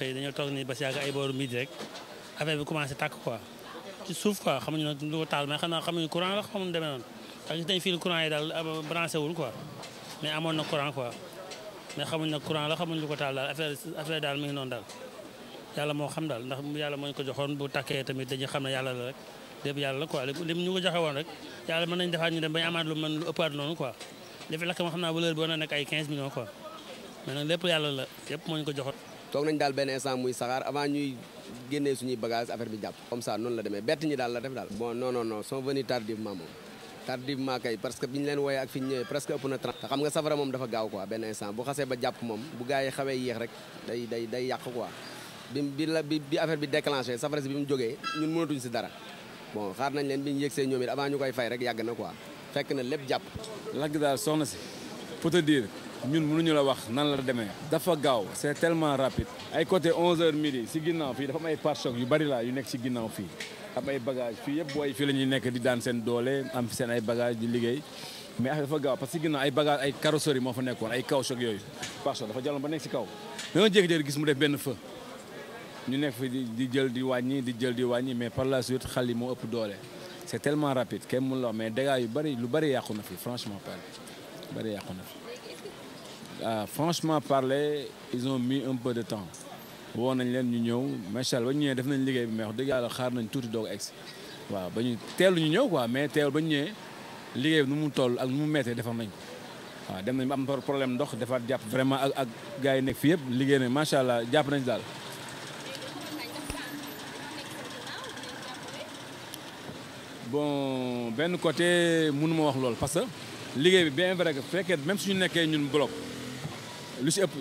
xëy dañoo toog nii ba si yàgg ay booru midi rek affaire bi commencé tàkk quoi ci suuf quoi xamuñu nag lu ko taal mais xam la xamuñu demee noonu ndax gis nañ fii courant yi daal ah, branché wul quoi mais na yàlla la rek lépp yàlla la quoi lim ñu ko joxe rek yàlla mën nañ defaat ñu dem bañ amaat lu ëppaat noonu quoi li fi lakk xam naa valeur bi war nekk ay 15 millions quoi mais nag lépp yàlla la yëpp moo ñu ko joxoon toog nañ daal benn instant muy saxaar avant ñuy génnee suñuy bagage affaire bi jàpp comme ça noonu la demee bett ñi daal la def daal bon non non non sont tardivement moom tardivement kay parce que bi ñu leen wooyee ak fi ñu ñëwee presque ëpp na 30 xam nga safara moom dafa gaaw quoi benn instant bu xasee ba jàpp moom bu gars yi xawee yéex rek day day yàq quoi bi bi la bi bi affaire bi déclenché safara si bi mu jógee ñun mënatuñ si dara bon xaar nañ leen bi ñu yëgsee ñoom it ñu koy fay rek yàgg na quoi fekk na lépp jàpp. lakk daal soxna si pour te dire. ñun mënuñu la wax nan la demee dafa gaaw c'est tellement rapide ay côté 11h midi si ginnaaw fii dafa am ay pare-choc yu bari laa yu nekk si ginnaaw fii am ay bagage fii yëpp booy fii la ñuy nekk di daan seen doole am seen ay bagage di liggéey mais affaire dafa gaaw parce que si ginnaaw ay bagage ay carrosserie moo fa nekkoon ay caoutchouc yooyu pare-choc dafa jàlloon ba nekk si kaw a jékki-jékki gis mu def benn feu ñu nekk fi di jël di wàññi di jël di wàññi mais par la suite xal yi moo ëpp doole c'est tellement rapide kenn mënu la wax yu bari lu bari yàqu na fi franchement parlé bari yàqu na fi ah franchement parle ils ont mis un peu de temps woo nañ leen ñu ñëw macha ba ñu ñëwee def nañ liggéey bi mais wax dëgg yàlla xaar nañ tuuti doog egg waaw ba ñu teelu ñu ñëw quoi mais teelu ba ñu ñëwee liggéey bi nu mu toll ak nu mu méttee defar nañ ko waaw dem nañ ba am problème ndox defaat jàpp vraiment ak ak gars yi nekk fii yëpp liggéey nañ macha jàpp nañ daal. bon benn côté mënuma wax loolu parce que liggéey bi bien vrai que fekkee même suñu nekkee ñun bloc. lu si ëpp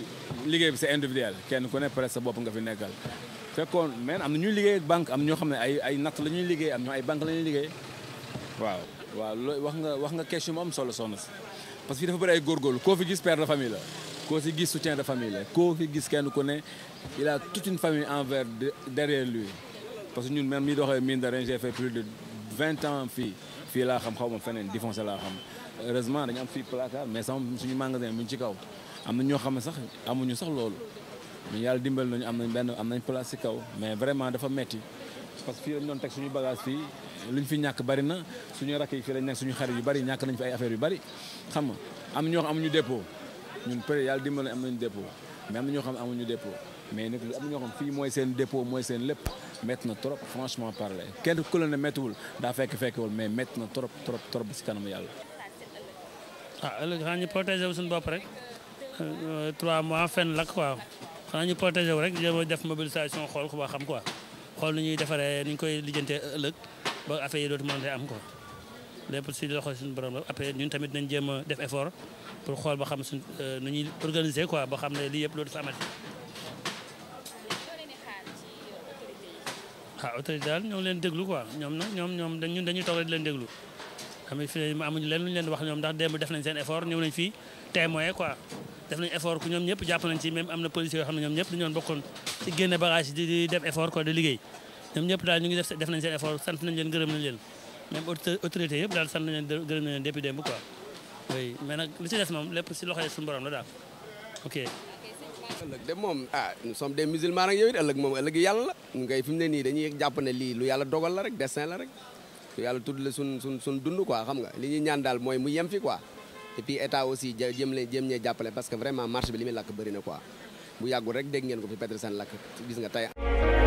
liggéey bi sa individuel kenn ku ne presque sa bopp nga fi nekkal fekkoon mais am na ñuy liggéey banque am ñoo xam ne ay ay natt la ñuy liggéey am ñoo ay banque la ñuy liggéey waaw waaw loolu wax nga wax nga question mu am solo soxna si parce que dafa bëri ay góorgóorlu koo fi gis père de famille la koo fi gis soutien de famille la fi gis kenn ku ne il a toute une famille envers derrière lui parce que ñun même mi doxee mine de rien j'ai plus de vingt ans fii fii laa xam xaw ma feneen laa xam heureusement dañu am fii placard suñu magasin mu ngi ci kaw am na ñoo xam ne sax amuñu sax loolu ñu yàlla dimbal nañu am nañ benn am nañ place ci kaw mais vraiment dafa metti parce que fii lañ doon teg suñu bagage fii luñ fi ñàkk bari na suñu rakk yi fii lañ nekk suñu xarit yu bari ñàkk nañ fi ay affaire yu bari xam nga am na ñoo xam amuñu dépôt ñun peut yàlla dimbal am nañu dépôt mais am na ñoo xam amuñu dépôt mais nag am na ñoo xam fii mooy seen dépo mooy seen lépp métti na trop franchement parler kenn ku la ne daa fekk fekkewul mais métti na trop trop trop ba si kanam yàlla. ah ñu protéger Euh, trois mois fenn la quoi xanaa ñu protéger wu rek jéem def mobilisation xool ku ba xam quoi xool nu ñuy defaree ni ñu koy lijjantee ëllëg ba affaire yi dootu mën a am quoi lépp si loxo suñu borom la après ñun tamit nañ jéem a def effort pour xool ba xam suñ euh, nu ñuy organiser quoi ba xam ne lii yëpp loolu fa amati. ah autorité ah, daal ñoo leen déglu quoi ñoom nag ñoom ñoom dañ ñun leen déglu. am fi amuñu leen lu ñu leen wax ñoom ndax démb am na policiers yoo moom lépp si loxo suñu borom la daal ok ëllëg de moom ah nous nii dañuy jàpp ne lii lu yàlla dogal la rek destin la rek yàlla tudd la sun sun sun dund quoi xam nga li ñuy ñaan daal mooy mu yem fi quoi et puis état aussi jëm leen jëm ñee jàppale parce que vraiment marché bi li muy lakk bëri na quoi bu yàggul rek dégg ngeen ko fi Petersen lakk gis nga tey